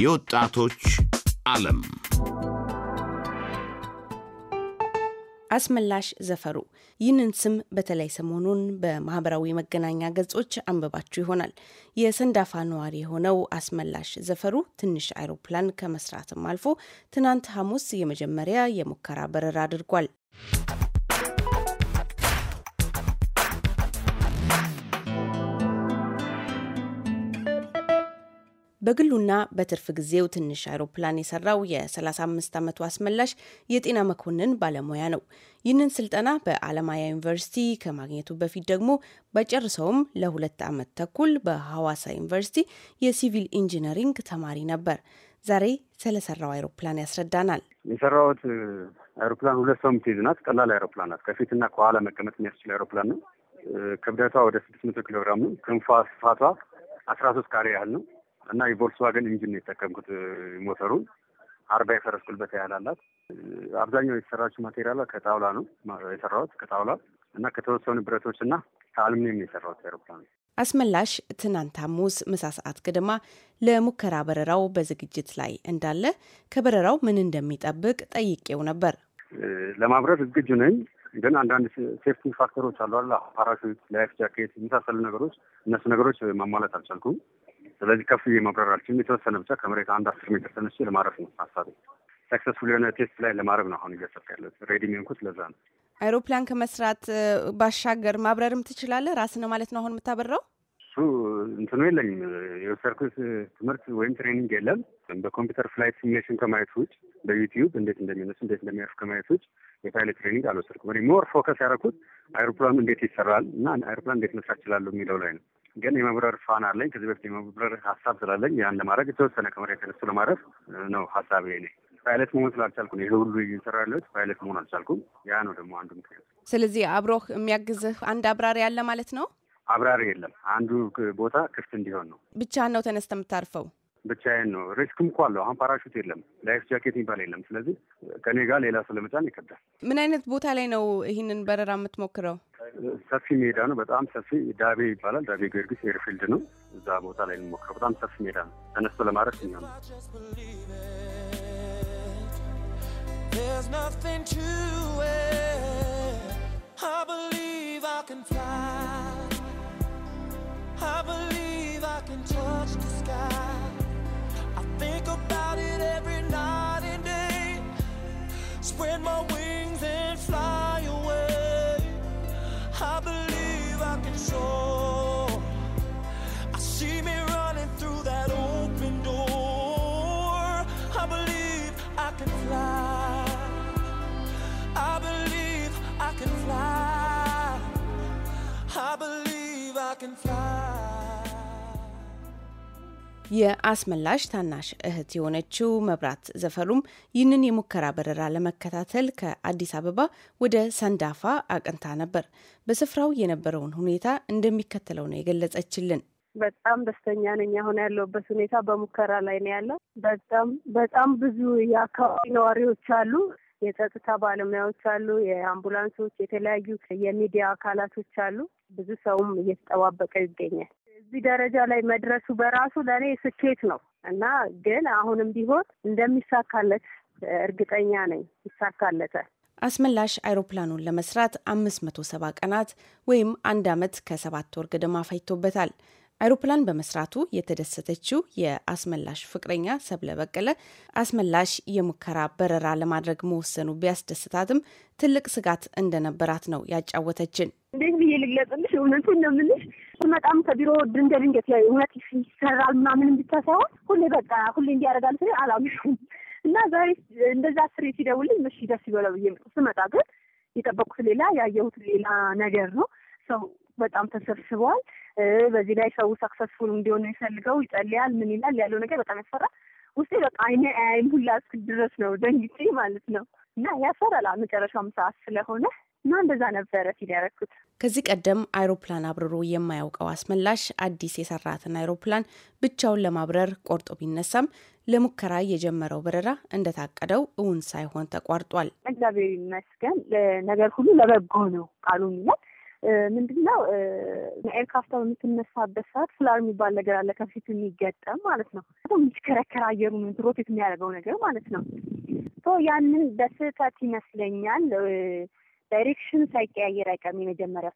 የወጣቶች ዓለም አስመላሽ ዘፈሩ ይህንን ስም በተለይ ሰሞኑን በማህበራዊ መገናኛ ገጾች አንብባችሁ ይሆናል። የሰንዳፋ ነዋሪ የሆነው አስመላሽ ዘፈሩ ትንሽ አይሮፕላን ከመስራትም አልፎ ትናንት ሐሙስ የመጀመሪያ የሙከራ በረራ አድርጓል። በግሉና በትርፍ ጊዜው ትንሽ አይሮፕላን የሰራው የ35 ዓመቱ አስመላሽ የጤና መኮንን ባለሙያ ነው። ይህንን ስልጠና በአለማያ ዩኒቨርሲቲ ከማግኘቱ በፊት ደግሞ በጨርሰውም ለሁለት ዓመት ተኩል በሐዋሳ ዩኒቨርሲቲ የሲቪል ኢንጂነሪንግ ተማሪ ነበር። ዛሬ ስለሰራው አይሮፕላን ያስረዳናል። የሰራሁት አይሮፕላን ሁለት ሰው የምትይዝ ናት። ቀላል አይሮፕላን ናት። ከፊትና ከኋላ መቀመጥ የሚያስችል አይሮፕላን ነው። ክብደቷ ወደ ስድስት መቶ ኪሎ ግራም ነው። ክንፏ ስፋቷ አስራ ሶስት ካሬ ያህል ነው። እና የቮልክስዋገን ኢንጂን የተጠቀምኩት ሞተሩን አርባ የፈረስ ጉልበት ያህል አላት። አብዛኛው የተሰራችው ማቴሪያሏ ከጣውላ ነው የሰራሁት ከጣውላ እና ከተወሰኑ ብረቶች እና ከአሉሚኒየም ነው የሰራሁት አውሮፕላን። አስመላሽ ትናንት ሐሙስ ምሳ ሰዓት ገደማ ለሙከራ በረራው በዝግጅት ላይ እንዳለ ከበረራው ምን እንደሚጠብቅ ጠይቄው ነበር። ለማብረር ዝግጁ ነኝ፣ ግን አንዳንድ ሴፍቲ ፋክተሮች አሉ፣ ፓራሹት፣ ላይፍ ጃኬት የመሳሰሉ ነገሮች፣ እነሱ ነገሮች ማሟላት አልቻልኩም። ስለዚህ ከፍዬ መብረር አልችልም። የተወሰነ ብቻ ከመሬት አንድ አስር ሜትር ተነስቼ ለማረፍ ነው ሀሳቤ። ሰክሰስፉል የሆነ ቴስት ላይ ለማድረግ ነው አሁን እያሰብክ ያለት ሬዲ ሚሆንኩት ለዛ ነው። አይሮፕላን ከመስራት ባሻገር ማብረርም ትችላለህ ራስን ማለት ነው አሁን የምታበረው? እሱ እንትኑ የለኝም የሰርኩት ትምህርት ወይም ትሬኒንግ የለም። በኮምፒውተር ፍላይት ሲሙሌሽን ከማየት ውጭ በዩቲዩብ እንዴት እንደሚነሱ እንዴት እንደሚያርፍ ከማየት ውጭ የፓይለት ትሬኒንግ አልወሰድኩም። ሞር ፎከስ ያደረኩት አይሮፕላኑ እንዴት ይሰራል እና አይሮፕላን እንዴት መስራት ይችላሉ የሚለው ላይ ነው። ግን የመብረር ፋን አለኝ። ከዚህ በፊት የመብረር ሀሳብ ስላለኝ ያን ለማድረግ የተወሰነ ከመሬት ተነሱ ለማረፍ ነው ሀሳብ ይኔ ፓይለት መሆን ስላልቻልኩ ይህ ሁሉ እየሰራ ያለሁት ፓይለት መሆን አልቻልኩም። ያ ነው ደግሞ አንዱ ምክንያት። ስለዚህ አብሮህ የሚያግዝህ አንድ አብራሪ አለ ማለት ነው? አብራሪ የለም። አንዱ ቦታ ክፍት እንዲሆን ነው። ብቻ ነው ተነስተ የምታርፈው? ብቻዬን ነው። ሪስክም እኮ አለው። አሁን ፓራሹት የለም፣ ላይፍ ጃኬት የሚባል የለም። ስለዚህ ከኔ ጋር ሌላ ስለመጫን ይከብዳል። ምን አይነት ቦታ ላይ ነው ይህንን በረራ የምትሞክረው? ሰፊ ሜዳ ነው፣ በጣም ሰፊ ዳቤ ይባላል። ዳቤ ጊዮርጊስ ኤርፊልድ ነው። እዛ ቦታ ላይ እንሞክረው። በጣም ሰፊ ሜዳ ነው፣ ተነስቶ ለማረፍ የሚሆነ There's nothing to it. I believe I can fly. I believe I can touch the sky. spread my wings and fly away. I believe I can soar. I see me running through that open door. I believe I can fly. I believe I can fly. I believe I can fly. የአስመላሽ ታናሽ እህት የሆነችው መብራት ዘፈሩም ይህንን የሙከራ በረራ ለመከታተል ከአዲስ አበባ ወደ ሰንዳፋ አቅንታ ነበር። በስፍራው የነበረውን ሁኔታ እንደሚከተለው ነው የገለጸችልን። በጣም ደስተኛ ነኝ። አሁን ያለውበት ሁኔታ በሙከራ ላይ ነው ያለው። በጣም በጣም ብዙ የአካባቢ ነዋሪዎች አሉ የጸጥታ ባለሙያዎች አሉ፣ የአምቡላንሶች፣ የተለያዩ የሚዲያ አካላቶች አሉ። ብዙ ሰውም እየተጠባበቀ ይገኛል። እዚህ ደረጃ ላይ መድረሱ በራሱ ለእኔ ስኬት ነው እና ግን አሁንም ቢሆን እንደሚሳካለት እርግጠኛ ነኝ። ይሳካለተ አስመላሽ አይሮፕላኑን ለመስራት አምስት መቶ ሰባ ቀናት ወይም አንድ ዓመት ከሰባት ወር ገደማ ፈጅቶበታል። አይሮፕላን በመስራቱ የተደሰተችው የአስመላሽ ፍቅረኛ ሰብለ በቀለ አስመላሽ የሙከራ በረራ ለማድረግ መወሰኑ ቢያስደስታትም ትልቅ ስጋት እንደነበራት ነው ያጫወተችን። እንዴት ብዬ ልግለጽልሽ? እውነቱን ነው የምልሽ ስመጣም ከቢሮ እንደ ድንገት እውነት ይሰራል ምናምንም ብቻ ሳይሆን ሁሌ በቃ ሁሌ እንዲያደርጋል ስ አላምሽም እና ዛሬ እንደዛ አስሬ ሲደውልኝ መሽ ደስ ይበለው ብዬ ስመጣ ግን የጠበቁት ሌላ ያየሁት ሌላ ነገር ነው። ሰው በጣም ተሰብስበዋል በዚህ ላይ ሰው ሰክሰስፉል እንዲሆን ይፈልገው ይጸልያል፣ ምን ይላል ያለው ነገር በጣም ያስፈራ ውስጤ በቃ አይኔ አያይም ሁላ እስክል ድረስ ነው ደንግጬ ማለት ነው እና ያሰራላ መጨረሻም ሰዓት ስለሆነ እና እንደዛ ነበረ ፊል ያረኩት። ከዚህ ቀደም አይሮፕላን አብርሮ የማያውቀው አስመላሽ አዲስ የሰራትን አይሮፕላን ብቻውን ለማብረር ቆርጦ ቢነሳም ለሙከራ የጀመረው በረራ እንደታቀደው እውን ሳይሆን ተቋርጧል። እግዚአብሔር ይመስገን ነገር ሁሉ ለበጎ ነው ቃሉ የሚለው ምንድነው? ኤርክራፍቷ በምትነሳበት ሰዓት ፍላር የሚባል ነገር አለ፣ ከፊት የሚገጠም ማለት ነው። የሚሽከረከር አየሩ ምን ሮቴት የሚያደርገው ነገር ማለት ነው። ያንን በስህተት ይመስለኛል ዳይሬክሽን ሳይቀያየር አይቀርም። የመጀመሪያ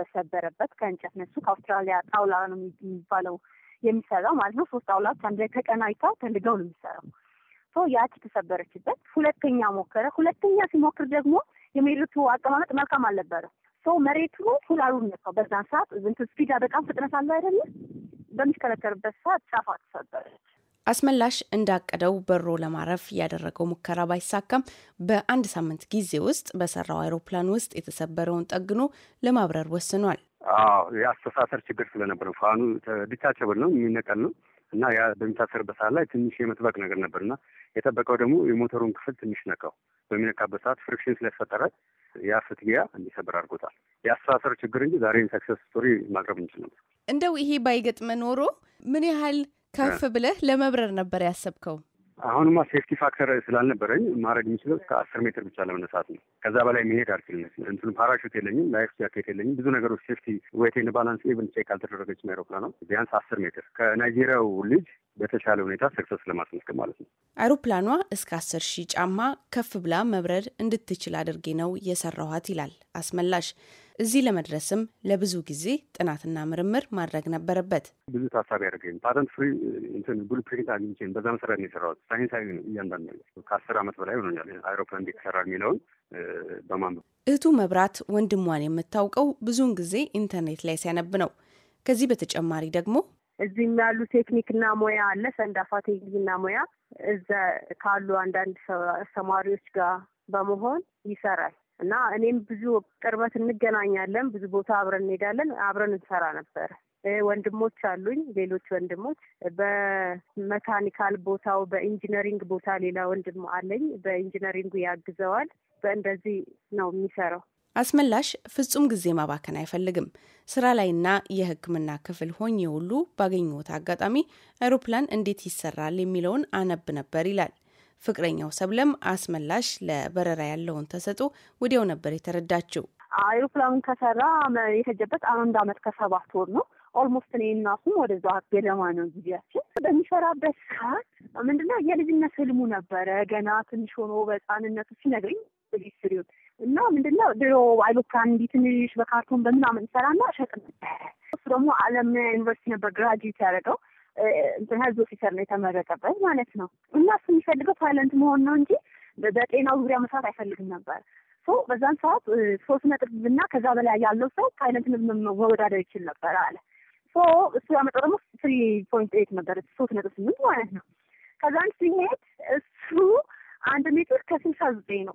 ተሰበረበት ከእንጨት ነሱ ከአውስትራሊያ ጣውላ ነው የሚባለው የሚሰራው ማለት ነው። ሶስት ጣውላዎች አንድ ላይ ተቀናጅተው ተንድገው ነው የሚሰራው። ያች ተሰበረችበት። ሁለተኛ ሞከረ። ሁለተኛ ሲሞክር ደግሞ የመሬቱ አቀማመጥ መልካም አልነበረ። ሰው መሬቱ ሁላሉን ነካው። በዛን ሰዓት እንትን ስፒዳ በጣም ፍጥነት አለ አይደለም። በሚሽከረከርበት ሰዓት ጫፋ ተሰበረች። አስመላሽ እንዳቀደው በሮ ለማረፍ ያደረገው ሙከራ ባይሳካም በአንድ ሳምንት ጊዜ ውስጥ በሰራው አይሮፕላን ውስጥ የተሰበረውን ጠግኖ ለማብረር ወስኗል። የአስተሳሰር ችግር ስለነበረ ፋኑ ዲታቸብል ነው የሚነቀል ነው እና ያ በሚታሰርበት ሰዓት ላይ ትንሽ የመጥበቅ ነገር ነበር እና የጠበቀው ደግሞ የሞተሩን ክፍል ትንሽ ነቀው። በሚነካበት ሰዓት ፍሪክሽን ስለፈጠረ ያ ፍትጊያ እንዲሰበር አድርጎታል። የአስተሳሰር ችግር እንጂ ዛሬን ሰክሰስ ስቶሪ ማቅረብ እንችል ነበር። እንደው ይሄ ባይገጥመ ኖሮ ምን ያህል ከፍ ብለህ ለመብረር ነበር ያሰብከው? አሁንማ ሴፍቲ ፋክተር ስላልነበረኝ ማድረግ የሚችለው እስከ አስር ሜትር ብቻ ለመነሳት ነው። ከዛ በላይ መሄድ አልችልም። እንትን ፓራሹት የለኝም፣ ላይፍ ጃኬት የለኝም። ብዙ ነገሮች ሴፍቲ ዌቴን ባላንስ ኢቨን ቼክ አልተደረገችም። አይሮፕላኗ ቢያንስ አስር ሜትር ከናይጄሪያው ልጅ በተሻለ ሁኔታ ሰክሰስ ለማስመስከር ማለት ነው። አይሮፕላኗ እስከ አስር ሺህ ጫማ ከፍ ብላ መብረር እንድትችል አድርጌ ነው የሰራኋት ይላል አስመላሽ። እዚህ ለመድረስም ለብዙ ጊዜ ጥናትና ምርምር ማድረግ ነበረበት። ብዙ ታሳቢ ያደርገኝ ፓተንት ፍሪ እንትን ፕሪንት አግኝቼ በዛ መሰረት ነው የሰራሁት። ሳይንሳዊ ነው እያንዳንዱ ነገር ከአስር ዓመት በላይ ሆኖኛል አይሮፕላን እንዴት ይሰራል የሚለውን በማንበብ እህቱ መብራት ወንድሟን የምታውቀው ብዙውን ጊዜ ኢንተርኔት ላይ ሲያነብ ነው። ከዚህ በተጨማሪ ደግሞ እዚህም ያሉ ቴክኒክና ሙያ አለ ሰንዳፋ ቴክኒክና ሙያ እዛ ካሉ አንዳንድ አስተማሪዎች ጋር በመሆን ይሰራል እና እኔም ብዙ ቅርበት እንገናኛለን። ብዙ ቦታ አብረን እንሄዳለን፣ አብረን እንሰራ ነበረ። ወንድሞች አሉኝ። ሌሎች ወንድሞች በመካኒካል ቦታው በኢንጂነሪንግ ቦታ ሌላ ወንድም አለኝ። በኢንጂነሪንጉ ያግዘዋል። በእንደዚህ ነው የሚሰራው። አስመላሽ ፍጹም ጊዜ ማባከን አይፈልግም። ስራ ላይና የሕክምና ክፍል ሆኜ ሁሉ ባገኘሁት አጋጣሚ አይሮፕላን እንዴት ይሰራል የሚለውን አነብ ነበር ይላል። ፍቅረኛው ሰብለም አስመላሽ ለበረራ ያለውን ተሰጦ ወዲያው ነበር የተረዳችው። አይሮፕላኑን ከሰራ የተጀበት አንድ አመት ከሰባት ወር ነው። ኦልሞስት እኔ እናቱም ወደዛ ገደማ ነው ጊዜያችን። በሚሰራበት ሰዓት ምንድነው የልጅነት ህልሙ ነበረ ገና ትንሽ ሆኖ በህፃንነቱ ሲነግረኝ ስሪውን እና ምንድነው ድሮ አይሎፕራን እንዲ ትንሽ በካርቶን በምናምን ሰራና ሸጥ እሱ ደግሞ አለም ዩኒቨርሲቲ ነበር ግራጅዌት ያደረገው እንትን ህዝብ ኦፊሰር ነው የተመረቀበት ማለት ነው። እና እሱ የሚፈልገው ታይለንት መሆን ነው እንጂ በጤናው ዙሪያ መስራት አይፈልግም ነበር። በዛን ሰዓት ሶስት ነጥብ እና ከዛ በላይ ያለው ሰው ታይለንትን መወዳደር ይችል ነበር አለ። እሱ ያመጣው ደግሞ ትሪ ፖይንት ኤት ነበር ሶስት ነጥብ ስምንት ማለት ነው። ከዛን ሲሄድ እሱ አንድ ሜትር ከስልሳ ዘጠኝ ነው።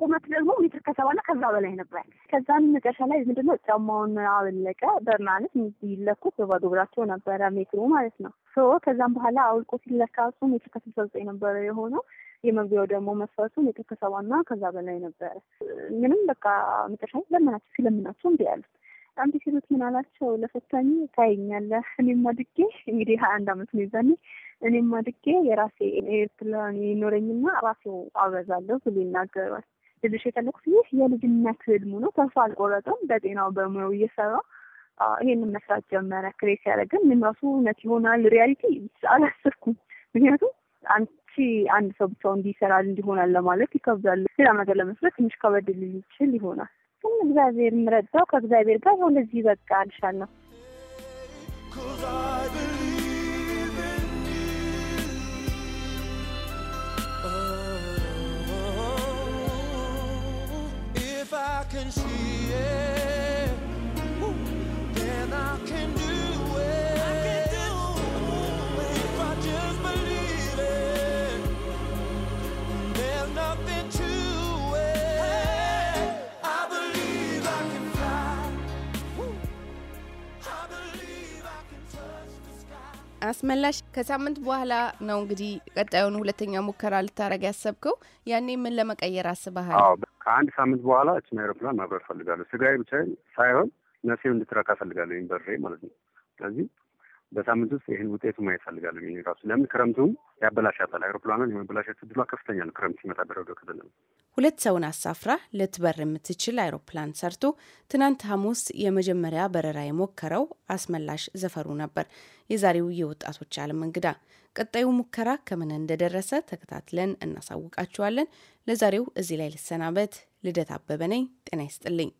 ቁመት ደግሞ ሜትር ከሰባና ከዛ በላይ ነበር። ከዛን መጨረሻ ላይ ምንድነው ጫማውን አወለቀ። በማለት ይለኩት በባዶ እግራቸው ነበረ ሜትሩ ማለት ነው። ከዛም በኋላ አውልቆ ሲለካ እሱ ሜትር ከስልሳ ዘጠኝ ነበረ የሆነው። የመግቢያው ደግሞ መስፈርቱ ሜትር ና ከዛ በላይ ነበረ። ምንም በቃ መጨረሻ ለምናቸው ሲለምናቸው እንዲ ያሉት አንድ ሲሉት ምን አላቸው ለፈታኝ ታየኛለህ። እኔም አድጌ እንግዲህ ሀያ አንድ አመት ነው ይዛኔ እኔም አድጌ የራሴ ኤርፕላን ይኖረኝና ራሴው አበዛለሁ ብሎ ይናገሯል። ልልሽ የፈለኩት ይህ የልጅነት ህልሙ ነው። ተስፋ አልቆረጠም። በጤናው በሙያው እየሰራ ይሄንን መስራት ጀመረ። ክሬት ያደረግን ምን ራሱ እውነት ይሆናል ሪያሊቲ አላሰርኩም። ምክንያቱም አንቺ አንድ ሰው ብቻው እንዲሰራል እንዲሆናል ለማለት ይከብዳል። ሌላ ነገር ለመስረት ትንሽ ከበድ ሊል ይችል ይሆናል እሱም እግዚአብሔር ምረዳው ከእግዚአብሔር ጋር እንደዚህ በቃ አልሻለሁ። I can see it. አስመላሽ፣ ከሳምንት በኋላ ነው እንግዲህ ቀጣዩን ሁለተኛ ሙከራ ልታደረግ ያሰብከው። ያኔ ምን ለመቀየር አስበሃል? ከአንድ ሳምንት በኋላ እችን አይሮፕላን ማብረር እፈልጋለሁ። ስጋዬ ብቻ ሳይሆን ነፍሴም እንድትረካ እፈልጋለሁ፣ በሬ ማለት ነው። ስለዚህ በሳምንት ውስጥ ይህን ውጤቱ ማየት እፈልጋለሁ። ይሄ ራሱ ለምን ክረምቱም ያበላሻታል፣ አይሮፕላኗን የመበላሸት ዕድሏ ከፍተኛ ነው። ክረምት ሲመጣ በረዶ ነው። ሁለት ሰውን አሳፍራ ልትበር የምትችል አይሮፕላን ሰርቶ ትናንት ሐሙስ የመጀመሪያ በረራ የሞከረው አስመላሽ ዘፈሩ ነበር የዛሬው የወጣቶች ዓለም እንግዳ። ቀጣዩ ሙከራ ከምን እንደደረሰ ተከታትለን እናሳውቃችኋለን። ለዛሬው እዚህ ላይ ልሰናበት። ልደት አበበ ነኝ። ጤና ይስጥልኝ።